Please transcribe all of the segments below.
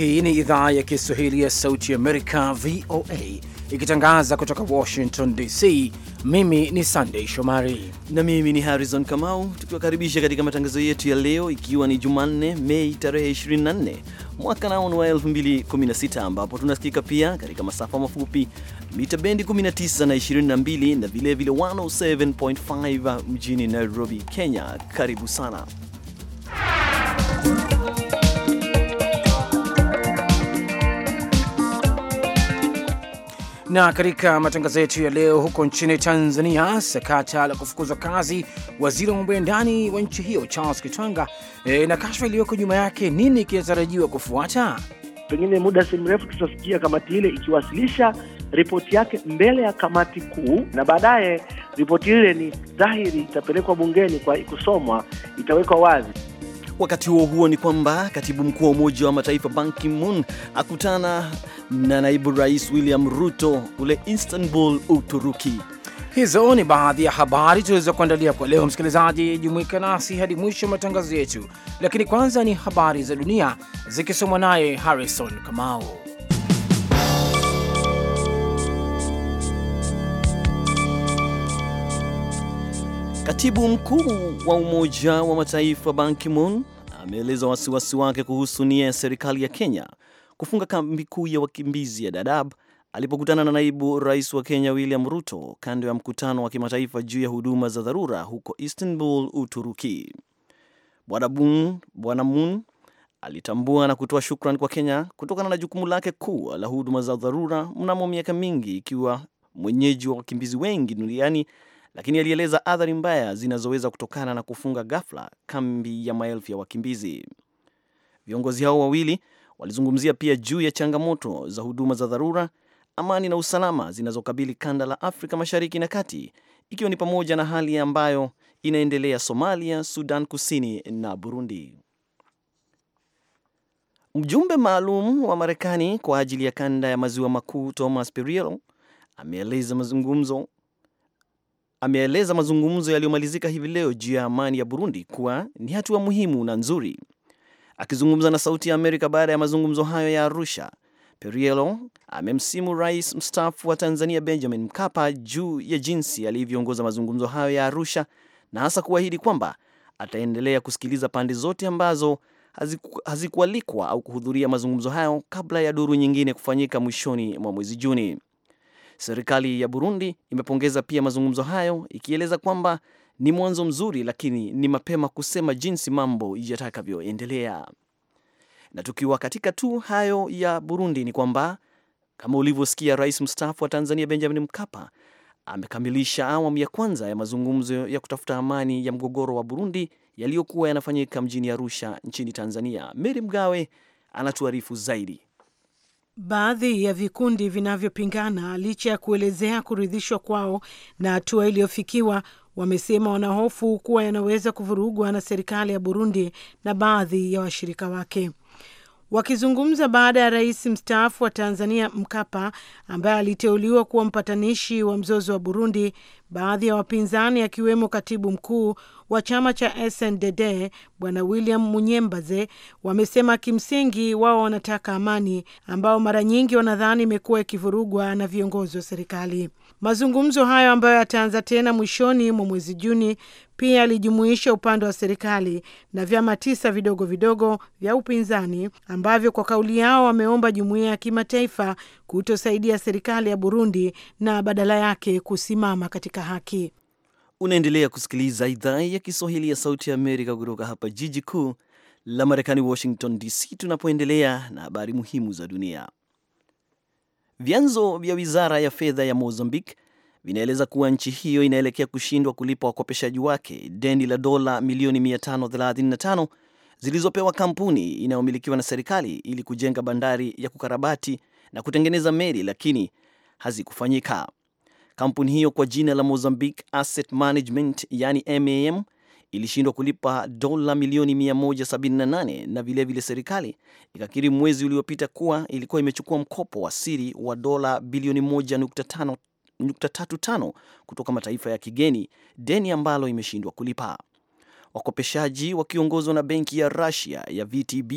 Hii ni idhaa ya Kiswahili ya Sauti Amerika, VOA, ikitangaza kutoka Washington DC. Mimi ni Sandey Shomari na mimi ni Harrison Kamau, tukiwakaribisha katika matangazo yetu ya leo, ikiwa ni Jumanne, Mei tarehe 24 mwaka naonu wa 2016, ambapo tunasikika pia katika masafa mafupi mita bendi 19 na 22 na vilevile 107.5 mjini Nairobi, Kenya. Karibu sana Na katika matangazo yetu ya leo, huko nchini Tanzania, sakata la kufukuzwa kazi waziri wa mambo ya ndani wa nchi hiyo Charles Kitwanga e, na kashfa iliyoko nyuma yake, nini kinatarajiwa kufuata? Pengine muda si mrefu tutasikia kamati ile ikiwasilisha ripoti yake mbele ya kamati kuu, na baadaye ripoti ile ni dhahiri itapelekwa bungeni kwa kusomwa, itawekwa wazi. Wakati huo huo ni kwamba katibu mkuu wa Umoja wa Mataifa Ban Ki-moon akutana na naibu rais William Ruto kule Istanbul, Uturuki. Hizo ni baadhi ya habari tulizo kuandalia kwa leo. Msikilizaji, jumuika nasi hadi mwisho wa matangazo yetu, lakini kwanza ni habari za dunia zikisomwa naye Harrison Kamau. Katibu mkuu wa Umoja wa Mataifa Ban Ki-moon ameeleza wasiwasi wake kuhusu nia ya serikali ya Kenya kufunga kambi kuu ya wakimbizi ya Dadaab alipokutana na naibu rais wa Kenya William Ruto kando ya mkutano wa kimataifa juu ya huduma za dharura huko Istanbul, Uturuki. Bwana Moon alitambua na kutoa shukrani kwa Kenya kutokana na jukumu lake kuu la huduma za dharura mnamo miaka mingi ikiwa mwenyeji wa wakimbizi wengi duniani lakini alieleza athari mbaya zinazoweza kutokana na kufunga ghafla kambi ya maelfu ya wakimbizi. Viongozi hao wawili walizungumzia pia juu ya changamoto za huduma za dharura, amani na usalama zinazokabili kanda la Afrika Mashariki na Kati, ikiwa ni pamoja na hali ambayo inaendelea Somalia, Sudan Kusini na Burundi. Mjumbe maalum wa Marekani kwa ajili ya kanda ya maziwa makuu Thomas Perriello ameeleza mazungumzo ameeleza mazungumzo yaliyomalizika hivi leo juu ya amani ya Burundi kuwa ni hatua muhimu na nzuri. Akizungumza na Sauti ya Amerika baada ya mazungumzo hayo ya Arusha, Perielo amemsimu rais mstaafu wa Tanzania Benjamin Mkapa juu ya jinsi alivyoongoza mazungumzo hayo ya Arusha na hasa kuahidi kwamba ataendelea kusikiliza pande zote ambazo haziku, hazikualikwa au kuhudhuria mazungumzo hayo kabla ya duru nyingine kufanyika mwishoni mwa mwezi Juni. Serikali ya Burundi imepongeza pia mazungumzo hayo ikieleza kwamba ni mwanzo mzuri, lakini ni mapema kusema jinsi mambo yatakavyoendelea. Na tukiwa katika tu hayo ya Burundi, ni kwamba kama ulivyosikia, rais mstaafu wa Tanzania Benjamin Mkapa amekamilisha awamu ya kwanza ya mazungumzo ya kutafuta amani ya mgogoro wa Burundi yaliyokuwa yanafanyika mjini Arusha nchini Tanzania. Meri Mgawe anatuarifu zaidi. Baadhi ya vikundi vinavyopingana, licha ya kuelezea kuridhishwa kwao na hatua iliyofikiwa, wamesema wanahofu kuwa yanaweza kuvurugwa na serikali ya Burundi na baadhi ya washirika wake. Wakizungumza baada ya rais mstaafu wa Tanzania Mkapa ambaye aliteuliwa kuwa mpatanishi wa mzozo wa Burundi, baadhi ya wapinzani akiwemo katibu mkuu wa chama cha SNDD Bwana William Munyembaze wamesema kimsingi wao wanataka amani, ambao mara nyingi wanadhani imekuwa ikivurugwa na viongozi wa serikali. Mazungumzo hayo ambayo yataanza tena mwishoni mwa mwezi Juni pia yalijumuisha upande wa serikali na vyama tisa vidogo vidogo vya upinzani ambavyo kwa kauli yao wameomba jumuiya ya kimataifa kutosaidia serikali ya Burundi na badala yake kusimama katika haki. Unaendelea kusikiliza idhaa ya Kiswahili ya Sauti ya Amerika kutoka hapa jiji kuu la Marekani, Washington DC, tunapoendelea na habari muhimu za dunia. Vyanzo vya wizara ya fedha ya Mozambique vinaeleza kuwa nchi hiyo inaelekea kushindwa kulipa wakopeshaji wake deni la dola milioni 535 zilizopewa kampuni inayomilikiwa na serikali ili kujenga bandari ya kukarabati na kutengeneza meli, lakini hazikufanyika. Kampuni hiyo kwa jina la Mozambique Asset Management yani MAM ilishindwa kulipa dola milioni 178 na vilevile serikali ikakiri mwezi uliopita kuwa ilikuwa imechukua mkopo wa siri wa dola bilioni 1.35 kutoka mataifa ya kigeni, deni ambalo imeshindwa kulipa. Wakopeshaji wakiongozwa na benki ya Russia ya VTB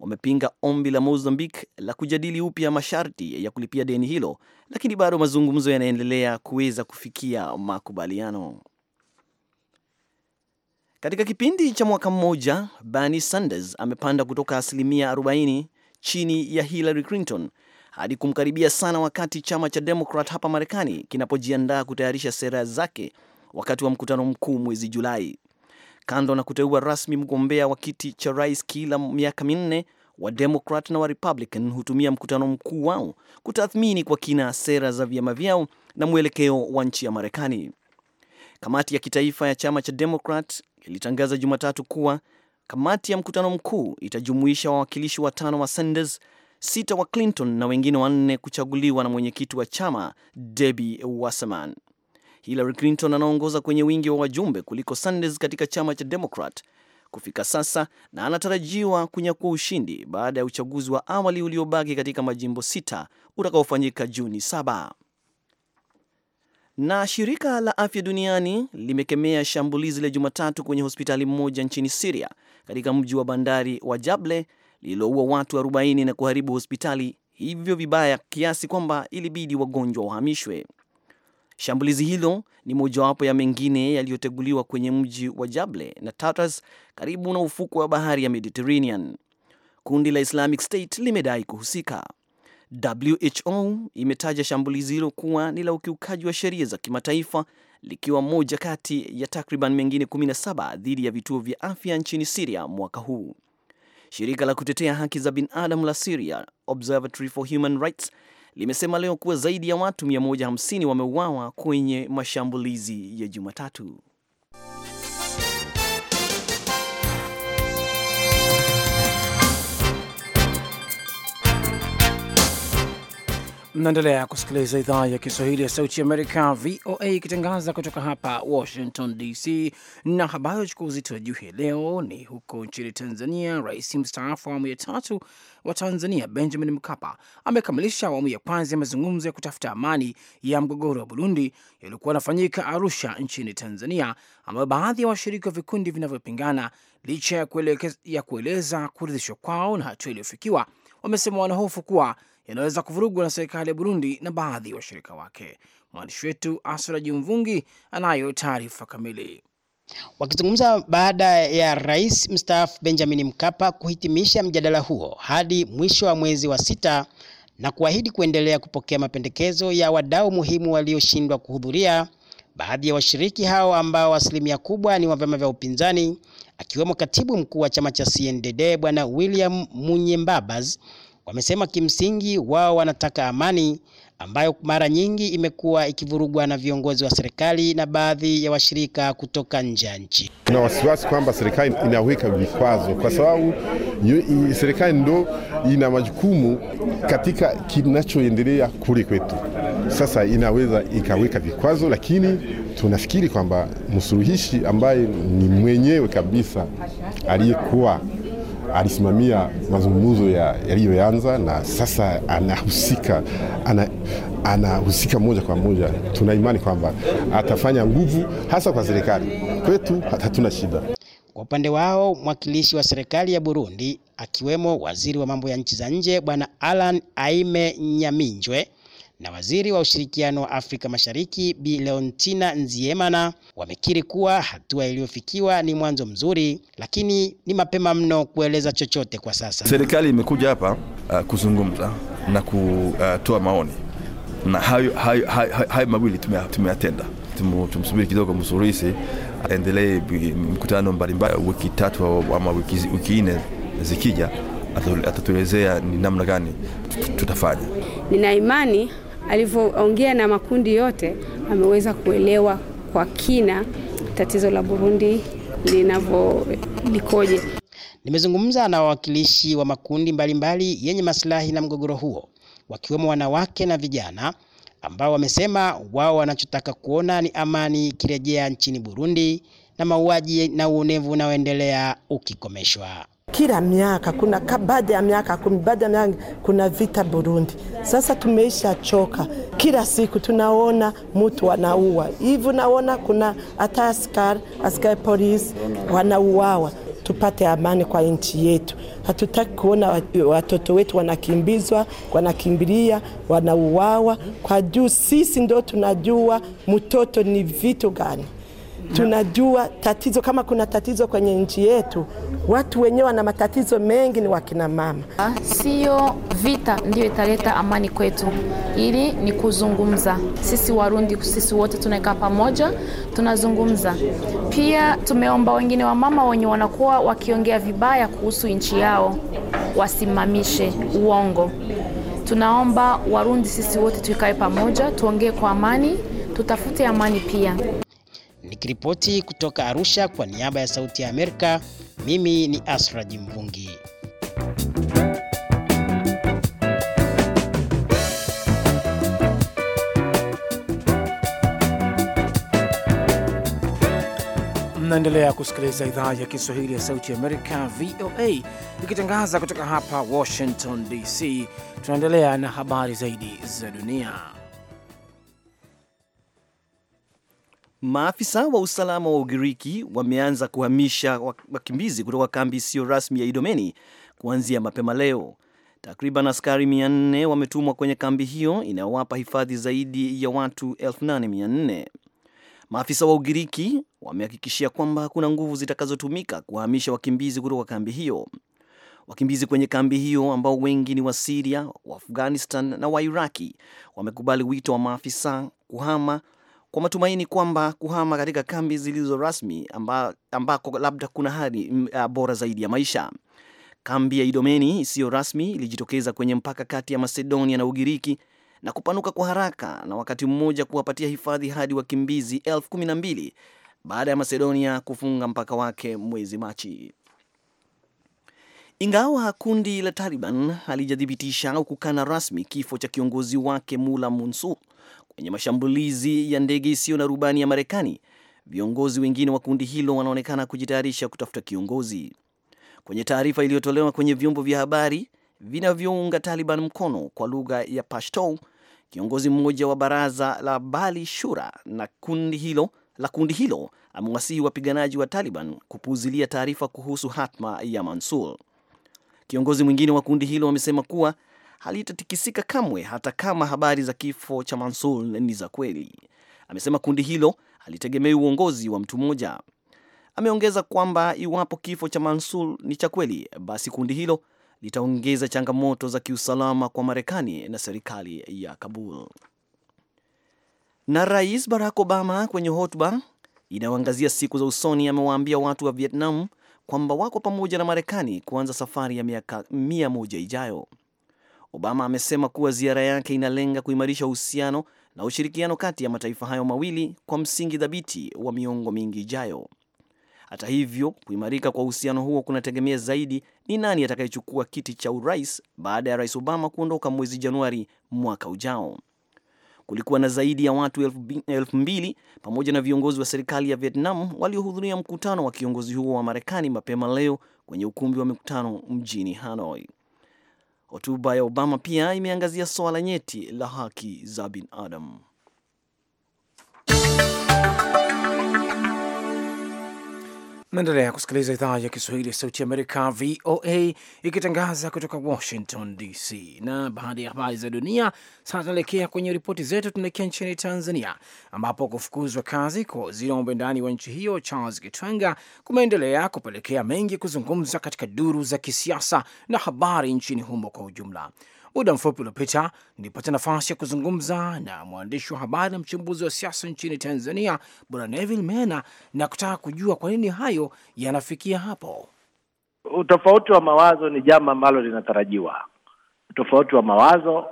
wamepinga ombi la Mozambique la kujadili upya masharti ya kulipia deni hilo, lakini bado mazungumzo yanaendelea kuweza kufikia makubaliano. Katika kipindi cha mwaka mmoja, Bernie Sanders amepanda kutoka asilimia 40 chini ya Hillary Clinton hadi kumkaribia sana, wakati chama cha Demokrat hapa Marekani kinapojiandaa kutayarisha sera zake wakati wa mkutano mkuu mwezi Julai. Kando na kuteua rasmi mgombea wa kiti cha rais kila miaka minne, wa Democrat na wa Republican hutumia mkutano mkuu wao kutathmini kwa kina sera za vyama vyao na mwelekeo wa nchi ya Marekani. Kamati ya kitaifa ya chama cha Democrat ilitangaza Jumatatu kuwa kamati ya mkutano mkuu itajumuisha wawakilishi watano wa Sanders, sita wa Clinton na wengine wanne kuchaguliwa na mwenyekiti wa chama Debbie Wasserman. Hillary Clinton anaongoza kwenye wingi wa wajumbe kuliko Sanders katika chama cha Democrat kufika sasa na anatarajiwa kunyakua ushindi baada ya uchaguzi wa awali uliobaki katika majimbo sita utakaofanyika Juni saba. Na shirika la afya duniani limekemea shambulizi la Jumatatu kwenye hospitali moja nchini Siria katika mji wa bandari wa Jable lililoua watu 40 na kuharibu hospitali hivyo vibaya kiasi kwamba ilibidi wagonjwa wahamishwe. Shambulizi hilo ni mojawapo ya mengine yaliyoteguliwa kwenye mji wa Jable na tatas karibu na ufukwe wa bahari ya Mediterranean. Kundi la Islamic State limedai kuhusika. WHO imetaja shambulizi hilo kuwa ni la ukiukaji wa sheria za kimataifa likiwa moja kati ya takriban mengine 17 dhidi ya vituo vya afya nchini Siria mwaka huu. Shirika la kutetea haki za binadamu la Syria Observatory for Human Rights limesema leo kuwa zaidi ya watu 150 wameuawa kwenye mashambulizi ya Jumatatu. Mnaendelea kusikiliza idhaa ya Kiswahili ya Sauti Amerika, VOA, ikitangaza kutoka hapa Washington DC. Na habari chukua uzito wa juu hii leo ni huko nchini Tanzania. Rais mstaafu wa awamu ya tatu wa Tanzania Benjamin Mkapa amekamilisha awamu ya kwanza ya mazungumzo ya kutafuta amani ya mgogoro wa Burundi yaliyokuwa anafanyika Arusha nchini Tanzania, ambayo baadhi ya washiriki wa vikundi vinavyopingana, licha ya kueleza kuridhishwa kwao na hatua iliyofikiwa, wamesema wanahofu kuwa yanaweza kuvurugwa na serikali ya Burundi na baadhi ya wa washirika wake. Mwandishi wetu Asra jumvungi anayo taarifa kamili. Wakizungumza baada ya rais mstaafu Benjamin Mkapa kuhitimisha mjadala huo hadi mwisho wa mwezi wa sita na kuahidi kuendelea kupokea mapendekezo ya wadau muhimu walioshindwa kuhudhuria, baadhi ya washiriki hao ambao asilimia kubwa ni wa vyama vya upinzani, akiwemo katibu mkuu wa chama cha CNDD Bwana William Munyembabas Wamesema kimsingi wao wanataka amani ambayo mara nyingi imekuwa ikivurugwa na viongozi wa serikali na baadhi ya washirika kutoka nje ya nchi. Tuna wasiwasi kwamba serikali inaweka vikwazo, kwa sababu serikali ndo ina majukumu katika kinachoendelea kule kwetu. Sasa inaweza ikaweka vikwazo, lakini tunafikiri kwamba msuluhishi ambaye ni mwenyewe kabisa aliyekuwa alisimamia mazungumzo yaliyoanza ya na sasa anahusika ana, anahusika moja kwa moja. Tuna imani kwamba atafanya nguvu hasa kwa serikali. Kwetu hatuna shida. Kwa upande wao, mwakilishi wa serikali ya Burundi akiwemo waziri wa mambo ya nchi za nje Bwana Alan Aime Nyaminjwe na waziri wa ushirikiano wa Afrika Mashariki Bi Leontina Nziemana wamekiri kuwa hatua iliyofikiwa ni mwanzo mzuri, lakini ni mapema mno kueleza chochote kwa sasa. Serikali imekuja hapa uh, kuzungumza na kutoa uh, maoni na hayo, hayo, hayo, hayo mawili tumeyatenda. Tumsubiri kidogo msurisi uh, aendelee mkutano mbalimbali, wiki tatu ama wiki, wiki nne zikija atatuelezea ni namna gani tutafanya. Nina imani alivyoongea na makundi yote, ameweza kuelewa kwa kina tatizo la Burundi linavyo likoje. Nimezungumza na wawakilishi wa makundi mbalimbali mbali yenye maslahi na mgogoro huo, wakiwemo wanawake na vijana ambao wamesema wao wanachotaka kuona ni amani ikirejea nchini Burundi na mauaji na uonevu unaoendelea ukikomeshwa. Kila miaka kuna baada ya miaka baada ya miaka kuna vita Burundi. Sasa tumeisha choka, kila siku tunaona mtu wanaua hivi, naona kuna hata askari askari polisi wanauawa. Tupate amani kwa nchi yetu. Hatutaki kuona watoto wetu wanakimbizwa, wanakimbilia, wanauawa kwa juu. Sisi ndo tunajua mtoto ni vitu gani tunajua tatizo kama kuna tatizo kwenye nchi yetu, watu wenyewe wana matatizo mengi, ni wakina mama. Sio vita ndiyo italeta amani kwetu, ili ni kuzungumza. Sisi Warundi, sisi wote tunakaa pamoja, tunazungumza. Pia tumeomba wengine wa mama wenye wanakuwa wakiongea vibaya kuhusu nchi yao wasimamishe uongo. Tunaomba Warundi sisi wote tuikae pamoja, tuongee kwa amani, tutafute amani pia. Nikiripoti kutoka Arusha kwa niaba ya Sauti ya Amerika, mimi ni Asra Mvungi. Mnaendelea kusikiliza idhaa ya Kiswahili ya Sauti ya Amerika, VOA, ikitangaza kutoka hapa Washington DC. Tunaendelea na habari zaidi za dunia. Maafisa wa usalama wa Ugiriki wameanza kuhamisha wakimbizi kutoka kambi isiyo rasmi ya Idomeni kuanzia mapema leo. Takriban askari 400 wametumwa kwenye kambi hiyo inayowapa hifadhi zaidi ya watu 8400. Maafisa wa Ugiriki wamehakikishia kwamba kuna nguvu zitakazotumika kuwahamisha wakimbizi kutoka kambi hiyo. Wakimbizi kwenye kambi hiyo ambao wengi ni wa Siria, wa Afghanistan na wa Iraki wamekubali wito wa maafisa kuhama kwa matumaini kwamba kuhama katika kambi zilizo rasmi amba, ambako labda kuna hali bora zaidi ya maisha. Kambi ya Idomeni isiyo rasmi ilijitokeza kwenye mpaka kati ya Macedonia na Ugiriki na kupanuka kwa haraka na wakati mmoja kuwapatia hifadhi hadi wakimbizi elfu kumi na mbili baada ya Macedonia kufunga mpaka wake mwezi Machi. Ingawa kundi la Taliban halijathibitisha au kukana rasmi kifo cha kiongozi wake Mula Mansur, kwenye mashambulizi ya ndege isiyo na rubani ya Marekani, viongozi wengine wa kundi hilo wanaonekana kujitayarisha kutafuta kiongozi. Kwenye taarifa iliyotolewa kwenye vyombo vya habari vinavyounga Taliban mkono kwa lugha ya Pashto, kiongozi mmoja wa baraza la Bali Shura na kundi hilo la kundi hilo amewasihi wapiganaji wa Taliban kupuuzilia taarifa kuhusu hatma ya Mansur. Kiongozi mwingine wa kundi hilo amesema kuwa halitatikisika kamwe hata kama habari za kifo cha mansur ni za kweli. Amesema kundi hilo halitegemei uongozi wa mtu mmoja. Ameongeza kwamba iwapo kifo cha mansur ni cha kweli, basi kundi hilo litaongeza changamoto za kiusalama kwa Marekani na serikali ya Kabul. Na Rais Barack Obama kwenye hotuba inayoangazia siku za usoni amewaambia watu wa Vietnam kwamba wako pamoja na Marekani kuanza safari ya miaka mia moja ijayo. Obama amesema kuwa ziara yake inalenga kuimarisha uhusiano na ushirikiano kati ya mataifa hayo mawili kwa msingi thabiti wa miongo mingi ijayo. Hata hivyo, kuimarika kwa uhusiano huo kunategemea zaidi ni nani atakayechukua kiti cha urais baada ya Rais Obama kuondoka mwezi Januari mwaka ujao. Kulikuwa na zaidi ya watu elfu mbili pamoja na viongozi wa serikali ya Vietnam waliohudhuria mkutano wa kiongozi huo wa Marekani mapema leo kwenye ukumbi wa mikutano mjini Hanoi. Hotuba ya Obama pia imeangazia swala nyeti la haki za binadamu. Naendelea kusikiliza idhaa ya Kiswahili ya Sauti Amerika, VOA, ikitangaza kutoka Washington DC. Na baada ya habari za dunia, sasa tunaelekea kwenye ripoti zetu. Tunaelekea nchini Tanzania, ambapo kufukuzwa kazi kwa waziri wa mambo ya ndani wa nchi hiyo Charles Kitwenga kumeendelea kupelekea mengi kuzungumza katika duru za kisiasa na habari nchini humo kwa ujumla. Muda mfupi uliopita nilipata nafasi ya kuzungumza na mwandishi wa habari na mchambuzi wa siasa nchini Tanzania, Bwana Neville Mena, na kutaka kujua kwa nini hayo yanafikia hapo. Utofauti wa mawazo ni jambo ambalo linatarajiwa. Utofauti wa mawazo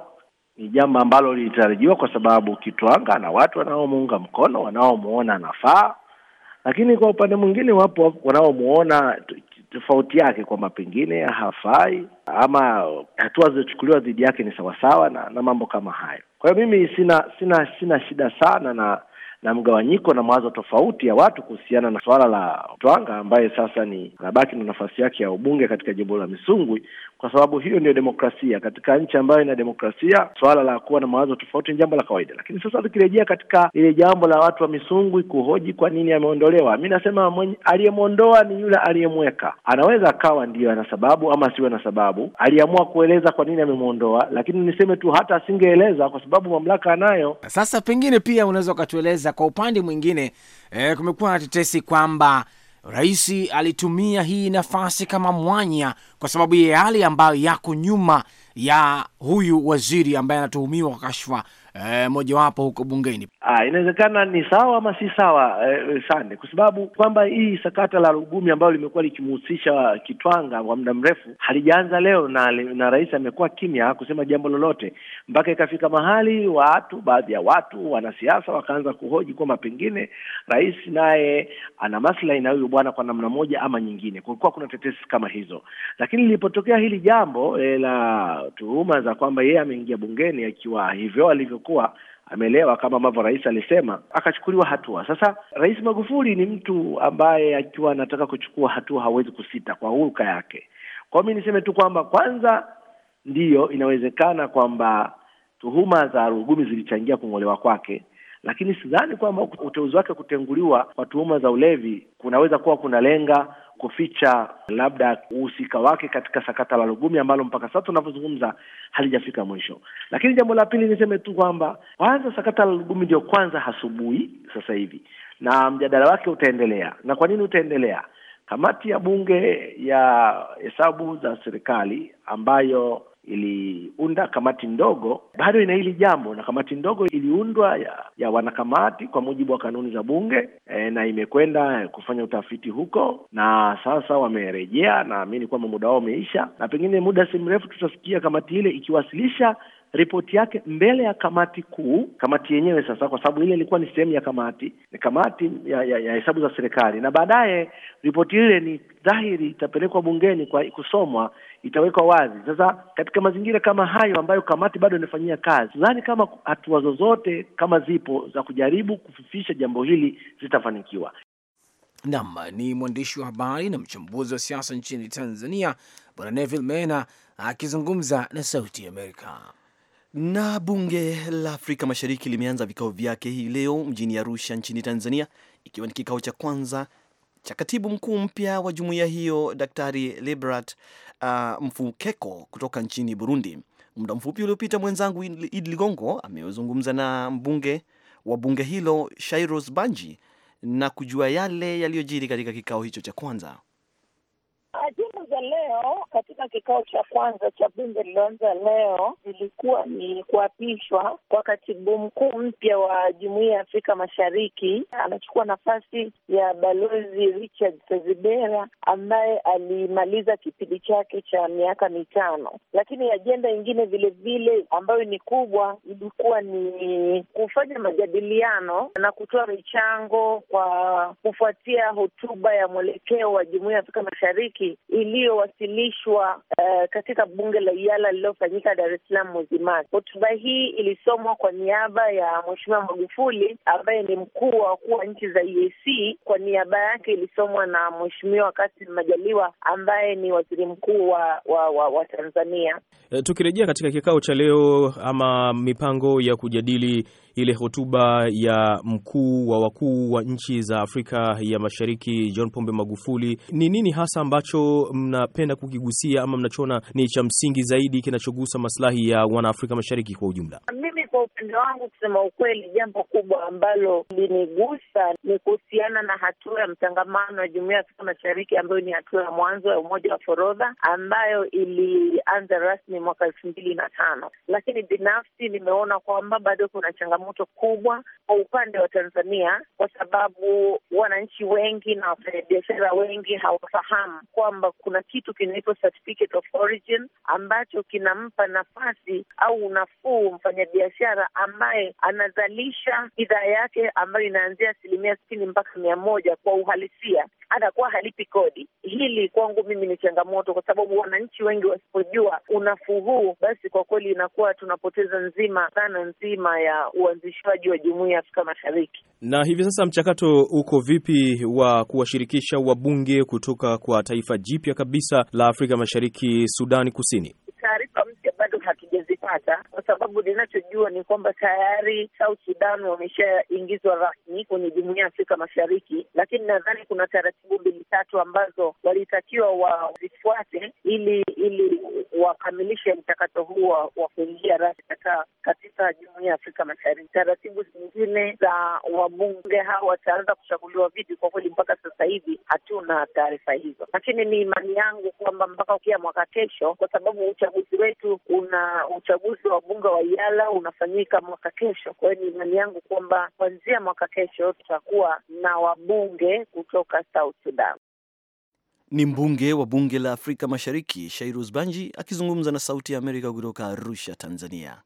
ni jambo ambalo lilitarajiwa kwa sababu Kitwanga na watu wanaomuunga mkono wanaomuona nafaa lakini kwa upande mwingine wapo wanaomuona tofauti yake kwamba pengine hafai ama hatua zilizochukuliwa dhidi yake ni sawasawa na, na mambo kama hayo. Kwa hiyo mimi sina sina sina shida sana na na mgawanyiko na mawazo tofauti ya watu kuhusiana na suala la Twanga ambaye sasa ni anabaki na nafasi yake ya ubunge katika jimbo la Misungwi, kwa sababu hiyo ndio demokrasia. Katika nchi ambayo ina demokrasia, suala la kuwa na mawazo tofauti ni jambo la kawaida. Lakini sasa tukirejea katika ile jambo la watu wa Misungwi kuhoji kwa nini ameondolewa, mi nasema aliyemwondoa ni yule aliyemweka. Anaweza akawa ndiyo ana sababu ama asiwe na sababu. Aliamua kueleza kwa nini amemwondoa, lakini niseme tu hata asingeeleza, kwa sababu mamlaka anayo. Sasa pengine pia unaweza ukatueleza kwa upande mwingine, eh, kumekuwa na tetesi kwamba Rais alitumia hii nafasi kama mwanya, kwa sababu ya yale ambayo yako nyuma ya huyu waziri ambaye anatuhumiwa kwa kashfa e, mojawapo huko bungeni. Ah, inawezekana ni sawa ama si sawa e, sande, kwa sababu kwamba hii sakata la rugumi ambayo limekuwa likimhusisha Kitwanga kwa muda mrefu halijaanza leo, na na rais amekuwa kimya, kusema jambo lolote mpaka ikafika mahali watu, baadhi ya watu wanasiasa wakaanza kuhoji kwamba pengine rais naye ana maslahi na huyu bwana kwa namna moja ama nyingine. Kulikuwa kuna tetesi kama hizo, lakini lilipotokea hili jambo e, la tuhuma za kwamba yeye ameingia bungeni akiwa hivyo alivyo alipokuwa amelewa kama ambavyo rais alisema, akachukuliwa hatua. Sasa Rais Magufuli ni mtu ambaye akiwa anataka kuchukua hatua hawezi kusita kwa hulka yake. Kwa mi niseme tu kwamba kwanza, ndiyo inawezekana kwamba tuhuma za Rugumi zilichangia kung'olewa kwake, lakini sidhani kwamba uteuzi wake kutenguliwa kwa tuhuma za ulevi kunaweza kuwa kunalenga kuficha labda uhusika wake katika sakata la Lugumi ambalo mpaka sasa tunavyozungumza halijafika mwisho. Lakini jambo la pili niseme tu kwamba kwanza, sakata la Lugumi ndio kwanza asubuhi sasa hivi, na mjadala wake utaendelea. Na kwa nini utaendelea? Kamati ya bunge ya hesabu za serikali ambayo iliunda kamati ndogo bado ina hili jambo, na kamati ndogo iliundwa ya, ya wanakamati kwa mujibu wa kanuni za Bunge e, na imekwenda kufanya utafiti huko, na sasa wamerejea. Naamini kwamba muda wao umeisha, na pengine muda si mrefu tutasikia kamati ile ikiwasilisha ripoti yake mbele ya kamati kuu, kamati yenyewe sasa, kwa sababu ile ilikuwa ni sehemu ya kamati, ni kamati ya hesabu za serikali, na baadaye ripoti ile ni dhahiri itapelekwa bungeni kwa kusomwa, itawekwa wazi. Sasa katika mazingira kama hayo ambayo kamati bado inafanyia kazi, nadhani kama hatua zozote kama zipo za kujaribu kufifisha jambo hili zitafanikiwa. Nam ni mwandishi wa habari na mchambuzi wa siasa nchini Tanzania, Bwana Neville Mena akizungumza na Sauti ya Amerika. Na bunge la Afrika Mashariki limeanza vikao vyake hii leo mjini Arusha nchini Tanzania, ikiwa ni kikao cha kwanza cha katibu mkuu mpya wa jumuiya hiyo Daktari librat uh, Mfukeko kutoka nchini Burundi. Muda mfupi uliopita, mwenzangu id Ligongo amezungumza na mbunge wa bunge hilo Shairos Banji na kujua yale yaliyojiri katika kikao hicho cha kwanza leo katika kikao cha kwanza cha bunge lililoanza leo ilikuwa ni kuapishwa kwa katibu mkuu mpya wa jumuiya ya Afrika Mashariki. Anachukua nafasi ya balozi Richard Sezibera ambaye alimaliza kipindi chake cha miaka mitano. Lakini ajenda ingine vilevile ambayo ni kubwa ilikuwa ni kufanya majadiliano na kutoa michango kwa kufuatia hotuba ya mwelekeo wa jumuiya ya Afrika Mashariki iliyo iliyowasilishwa uh, katika bunge la Iala lililofanyika Dar es Salaam mwezi Machi. Hotuba hii ilisomwa kwa niaba ya Mheshimiwa Magufuli ambaye ni mkuu wa wakuu wa nchi za EAC. Kwa niaba yake ilisomwa na Mheshimiwa Kassim Majaliwa ambaye ni waziri mkuu wa, wa, wa, wa Tanzania. E, tukirejea katika kikao cha leo ama mipango ya kujadili ile hotuba ya mkuu wa wakuu wa nchi za Afrika ya Mashariki John Pombe Magufuli, ni nini hasa ambacho mnapenda kukigusia ama mnachoona ni cha msingi zaidi kinachogusa maslahi ya wanaafrika Mashariki kwa ujumla? Mimi kwa upande wangu, kusema ukweli, jambo kubwa ambalo linigusa ni kuhusiana na hatua ya mtangamano wa jumuiya ya Afrika Mashariki ambayo ni hatua ya mwanzo ya umoja wa forodha ambayo ilianza rasmi mwaka elfu mbili na tano, lakini binafsi nimeona kwamba bado kuna changamoto kubwa kwa upande wa Tanzania kwa sababu wananchi wengi na wafanyabiashara wengi hawafahamu kwamba kuna kitu kinaitwa certificate of origin ambacho kinampa nafasi au unafuu mfanyabiashara biashara ambaye anazalisha bidhaa yake ambayo inaanzia asilimia sitini mpaka mia moja kwa uhalisia, anakuwa halipi kodi. Hili kwangu mimi ni changamoto, kwa sababu wananchi wengi wasipojua unafuu huu, basi kwa kweli inakuwa tunapoteza nzima sana nzima ya uanzishwaji wa jumuiya ya Afrika Mashariki. Na hivi sasa mchakato uko vipi wa kuwashirikisha wabunge kutoka kwa taifa jipya kabisa la Afrika Mashariki, Sudani Kusini? Taarifa mpya bado hakijazipata, kwa sababu ninachojua ni kwamba tayari South Sudan wameshaingizwa rasmi kwenye jumuiya ya Afrika Mashariki, lakini nadhani kuna taratibu mbili tatu ambazo walitakiwa wazifuate ili ili wakamilishe mchakato huu wa kuingia rasmi katika jumuiya ya Afrika Mashariki. Taratibu zingine za wabunge hawa wataanza kuchaguliwa vipi, kwa kweli mpaka sasa hivi hatuna taarifa hizo, lakini ni imani yangu kwamba mpaka ukia mwaka kesho, kwa sababu uchaguzi wetu kuna uchaguzi wa bunge wa Iala unafanyika mwaka kesho. Kwa hiyo ni imani yangu kwamba kuanzia mwaka kesho tutakuwa na wabunge kutoka South Sudan. Ni mbunge wa bunge la Afrika Mashariki Shairus Banji akizungumza na Sauti ya Amerika kutoka Arusha, Tanzania.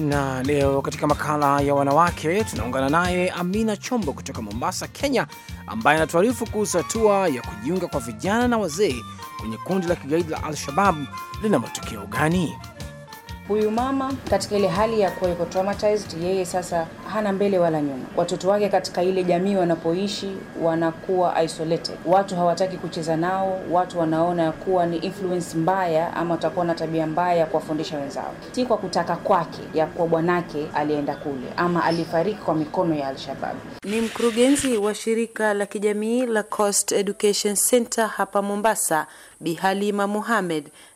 na leo katika makala ya wanawake tunaungana naye Amina Chombo kutoka Mombasa, Kenya, ambaye anatuarifu kuhusu hatua ya kujiunga kwa vijana na wazee kwenye kundi la kigaidi la Al-Shabab lina matokeo gani? Huyu mama katika ile hali ya kuwa yuko traumatized, yeye sasa hana mbele wala nyuma. Watoto wake katika ile jamii wanapoishi wanakuwa isolated, watu hawataki kucheza nao, watu wanaona kuwa ni influence mbaya, ama watakuwa na tabia mbaya ya kuwafundisha wenzao. Si kwa kutaka kwake, ya kuwa bwanake alienda kule ama alifariki kwa mikono ya Alshabab. Ni mkurugenzi wa shirika la kijamii la Coast Education Center hapa Mombasa, bihalima Halima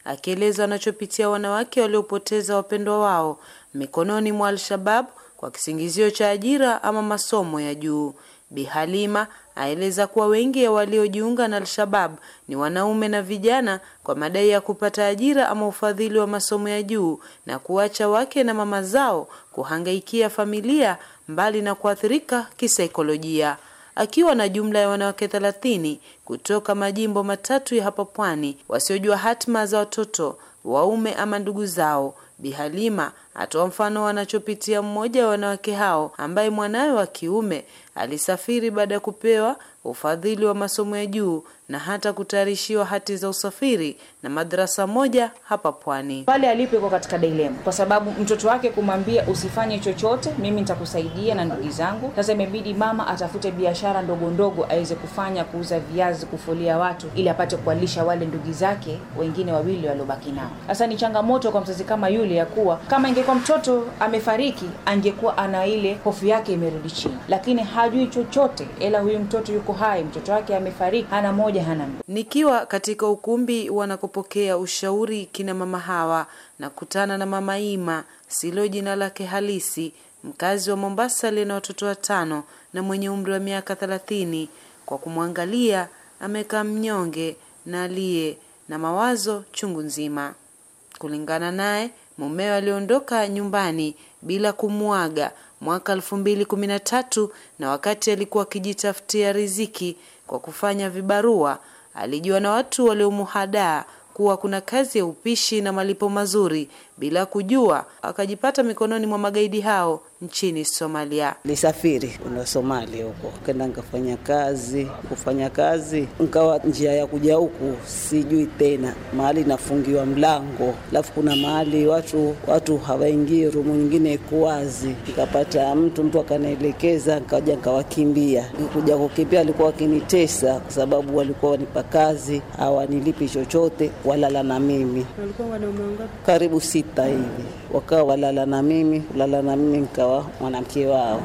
akieleza wanachopitia wanawake waliopoteza wapendwa wao mikononi mwa Al-Shabab kwa kisingizio cha ajira ama masomo ya juu. Bi Halima aeleza kuwa wengi ya waliojiunga na Al-Shabab ni wanaume na vijana kwa madai ya kupata ajira ama ufadhili wa masomo ya juu na kuacha wake na mama zao kuhangaikia familia mbali na kuathirika kisaikolojia akiwa na jumla ya wanawake thelathini kutoka majimbo matatu ya hapa Pwani wasiojua hatima za watoto waume ama ndugu zao. Bi Halima atoa mfano wanachopitia mmoja wa wanawake hao ambaye mwanawe wa kiume Alisafiri baada ya kupewa ufadhili wa masomo ya juu na hata kutayarishiwa hati za usafiri na madarasa moja hapa Pwani. Pale alipo iko katika dilema, kwa sababu mtoto wake kumwambia usifanye chochote, mimi nitakusaidia na ndugu zangu. Sasa imebidi mama atafute biashara ndogo ndogo aweze kufanya, kuuza viazi, kufulia watu, ili apate kuwalisha wale ndugu zake wengine wawili waliobaki nao. Sasa ni changamoto kwa mzazi kama yule, ya kuwa kama ingekuwa mtoto amefariki, angekuwa ana ile hofu yake imerudi chini, lakini hajui chochote, ila huyu mtoto yuko hai, mtoto wake amefariki, hana moja hana mbili. Nikiwa katika ukumbi wanakopokea ushauri kina mama hawa, nakutana na mama Ima, silo jina lake halisi, mkazi wa Mombasa aliye na watoto watano na mwenye umri wa miaka thelathini. Kwa kumwangalia amekaa mnyonge na aliye na mawazo chungu nzima. Kulingana naye, mumeo aliondoka nyumbani bila kumwaga mwaka elfu mbili kumi tatu na wakati alikuwa akijitafutia riziki kwa kufanya vibarua, alijua na watu waliomuhadaa kuwa kuna kazi ya upishi na malipo mazuri bila kujua akajipata mikononi mwa magaidi hao nchini Somalia. Nisafiri una Somalia huko kenda nikafanya kazi, kufanya kazi nkawa njia ya kuja huku sijui tena, mahali nafungiwa mlango, alafu kuna mahali watu watu hawaingii, rumu nyingine iko wazi, nikapata mtu mtu akanielekeza, nkaja nkawakimbia. Kuja kukimbia alikuwa wakinitesa kwa sababu walikuwa wanipa kazi, hawanilipi chochote, walala na mimi. Walikuwa wanaume wangapi? Karibu sita sita hivi, wakawa walala na mimi, kulala na mimi nikawa mwanamke wao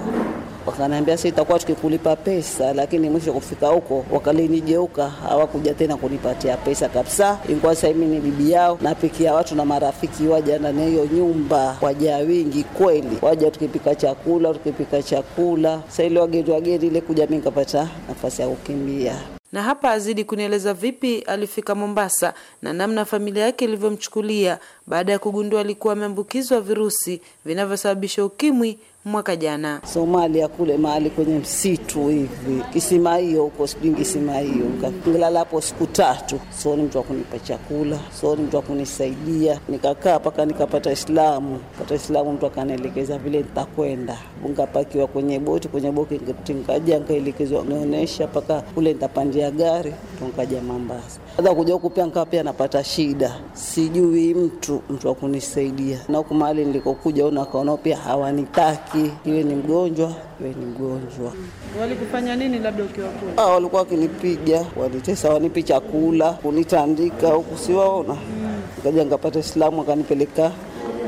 wakaniambia si itakuwa tukikulipa pesa, lakini mwisho kufika huko wakalinijeuka, hawakuja tena kunipatia pesa kabisa. Ingawa sasa mimi ni bibi yao, napikia watu na marafiki waja ndani hiyo nyumba, waja wingi kweli, waja tukipika chakula, tukipika chakula. Sasa ile wageni wageni ile kuja, mimi nikapata nafasi ya kukimbia na hapa azidi kunieleza vipi alifika Mombasa na namna familia yake ilivyomchukulia baada ya kugundua alikuwa ameambukizwa virusi vinavyosababisha ukimwi mwaka jana. Somalia kule mahali kwenye msitu hivi kisima hiyo huko sijui kisima hiyo nilala hapo siku tatu, sioni mtu akunipa chakula, sioni mtu akunisaidia. Nikakaa mpaka nikapata Islamu, pata Islamu mtu akanielekeza vile nitakwenda, nikapakiwa kwenye boti, kwenye boki nikaja nikaelekezwa nionyesha mpaka kule nitapandia gari tunkaja Mombasa. Sasa kuja huku pia nikaa pia napata shida, sijui mtu mtu akunisaidia, na huku mahali nilikokuja unakaonao pia hawanitaki rafiki, iwe ni mgonjwa, iwe ni mgonjwa. Walikufanya nini labda ukiwa kule? Ah, walikuwa wakinipiga, wanitesa, wanipi chakula, kunitandika huku, siwaona mm. nikaja ngapata Islamu akanipeleka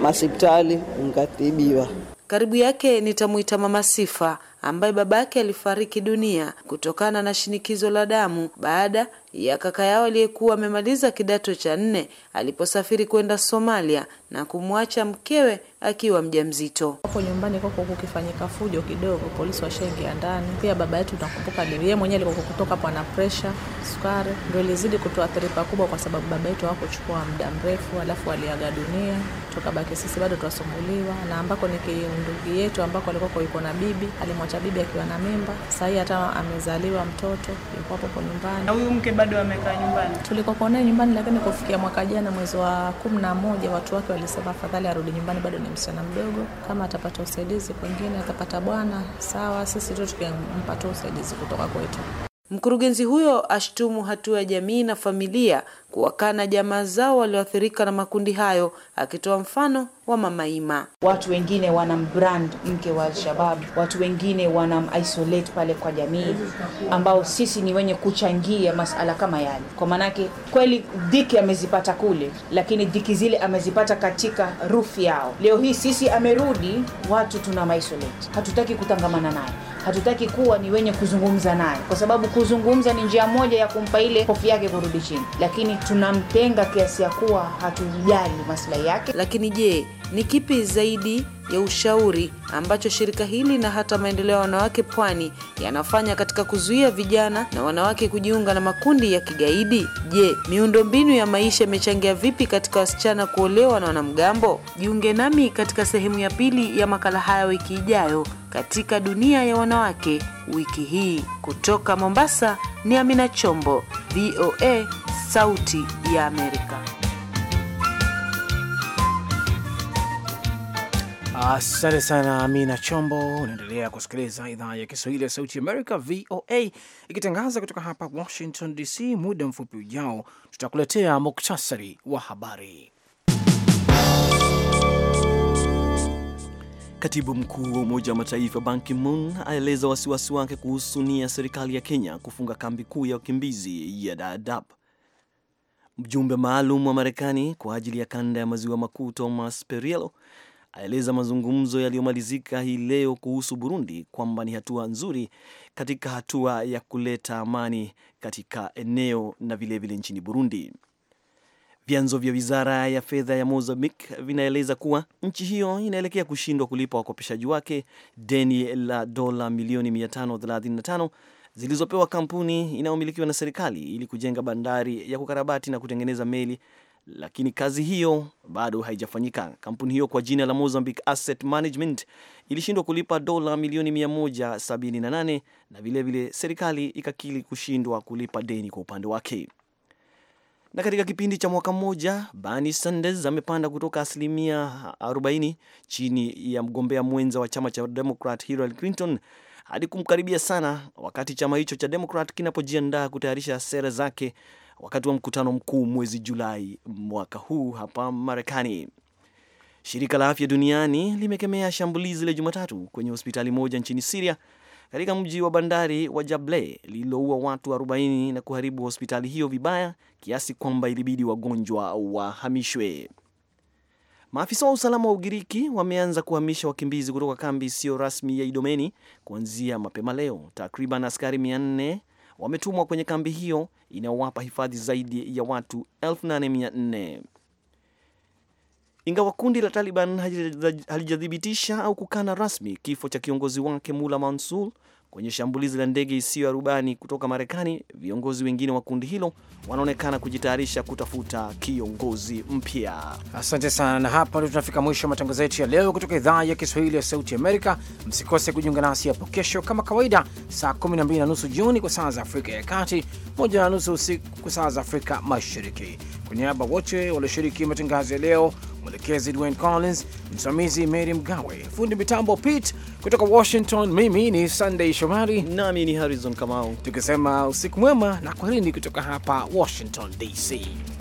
masipitali ngatibiwa Karibu yake nitamwita Mama Sifa ambaye baba yake alifariki dunia kutokana na shinikizo la damu baada ya kaka yao aliyekuwa amemaliza kidato cha nne aliposafiri kwenda Somalia na kumwacha mkewe akiwa mjamzito. Hapo nyumbani kwako kukifanyika fujo kidogo, polisi washaingia ndani. Pia baba yetu nakumbuka yeye mwenyewe alikuwa kutoka hapo ana pressure, sukari ndio ilizidi kutoa kutuathiri pakubwa, kwa sababu baba yetu hawakuchukua muda mrefu, alafu aliaga dunia, tukabaki sisi bado twasumbuliwa, na ambako ni ndugu yetu ambako alikuwa yuko na bibi alimwacha cha bibi akiwa na mimba. Sasa hii hata amezaliwa mtoto, yuko hapo nyumbani. Na huyu mke bado amekaa nyumbani. Tulikokuwa naye nyumbani, lakini kufikia mwaka jana mwezi wa kumi na moja watu wake walisema afadhali arudi nyumbani, bado ni msichana mdogo, kama atapata usaidizi kwingine, atapata bwana sawa, sisi tu tukimpa tu usaidizi kutoka kwetu. Mkurugenzi huyo ashtumu hatua ya jamii na familia kuwakana jamaa zao walioathirika na makundi hayo, akitoa mfano wa Mama Ima. Watu wengine wanambrand mke wa Al-Shabab, watu wengine wanamisolate pale kwa jamii, ambao sisi ni wenye kuchangia masala kama yale. Kwa maanake kweli dhiki amezipata kule, lakini dhiki zile amezipata katika rufu yao. Leo hii sisi amerudi, watu tuna isolate, hatutaki kutangamana naye hatutaki kuwa ni wenye kuzungumza naye, kwa sababu kuzungumza ni njia moja ya kumpa ile hofu yake kurudi chini, lakini tunamtenga kiasi ya kuwa hatujali maslahi yake. Lakini je, ni kipi zaidi ya ushauri ambacho shirika hili na hata maendeleo ya wanawake Pwani yanafanya katika kuzuia vijana na wanawake kujiunga na makundi ya kigaidi? Je, miundombinu ya maisha imechangia vipi katika wasichana kuolewa na wanamgambo? Jiunge nami katika sehemu ya pili ya makala haya wiki ijayo katika dunia ya wanawake. Wiki hii kutoka Mombasa ni Amina Chombo, VOA, Sauti ya Amerika. Asante sana Amina Chombo. Unaendelea kusikiliza idhaa ya Kiswahili ya Sauti Amerika, VOA, ikitangaza kutoka hapa Washington DC. Muda mfupi ujao, tutakuletea muktasari wa habari. Katibu mkuu wa Umoja wa Mataifa Ban Ki-moon aeleza wasiwasi wake kuhusu nia ya serikali ya Kenya kufunga kambi kuu ya wakimbizi ya Dadaab. Mjumbe maalum wa Marekani kwa ajili ya kanda ya maziwa makuu Thomas Perriello aeleza mazungumzo yaliyomalizika hii leo kuhusu Burundi kwamba ni hatua nzuri katika hatua ya kuleta amani katika eneo na vilevile vile nchini Burundi. Vyanzo vya wizara ya fedha ya Mozambique vinaeleza kuwa nchi hiyo inaelekea kushindwa kulipa wakopeshaji wake deni la dola milioni 535 zilizopewa kampuni inayomilikiwa na serikali ili kujenga bandari ya kukarabati na kutengeneza meli lakini kazi hiyo bado haijafanyika. Kampuni hiyo kwa jina la Mozambique Asset Management ilishindwa kulipa dola milioni 178 na vilevile serikali ikakili kushindwa kulipa deni kwa upande wake. Na katika kipindi cha mwaka mmoja, Bernie Sanders amepanda kutoka asilimia 40 chini ya mgombea mwenza wa chama cha Democrat Hillary Clinton hadi kumkaribia sana, wakati chama hicho cha Democrat kinapojiandaa kutayarisha sera zake wakati wa mkutano mkuu mwezi Julai mwaka huu hapa Marekani. Shirika la Afya Duniani limekemea shambulizi la Jumatatu kwenye hospitali moja nchini Siria katika mji wa bandari wa Jable lililoua watu 40 na kuharibu hospitali hiyo vibaya kiasi kwamba ilibidi wagonjwa wahamishwe. Maafisa wa usalama wa Ugiriki wameanza kuhamisha wakimbizi kutoka kambi isiyo rasmi ya Idomeni kuanzia mapema leo. Takriban askari wametumwa kwenye kambi hiyo inayowapa hifadhi zaidi ya watu 8400. Ingawa kundi la Taliban halijathibitisha au kukana rasmi kifo cha kiongozi wake Mula Mansur, kwenye shambulizi la ndege isiyo ya rubani kutoka Marekani, viongozi wengine wa kundi hilo wanaonekana kujitayarisha kutafuta kiongozi mpya. Asante sana, na hapa ndio tunafika mwisho wa matangazo yetu ya leo kutoka idhaa ya Kiswahili ya Sauti Amerika. Msikose kujiunga nasi hapo kesho kama kawaida, saa 12 na nusu jioni kwa saa za Afrika ya Kati, moja na nusu usiku kwa saa za Afrika Mashariki. Kwa niaba wote walioshiriki matangazo ya leo, mwelekezi Dwayne Collins, msimamizi Mary Mgawe, fundi mitambo Pete kutoka Washington, mimi ni Sunday Shomari nami ni Harrison Kamau, tukisema usiku mwema na kwaherini kutoka hapa Washington DC.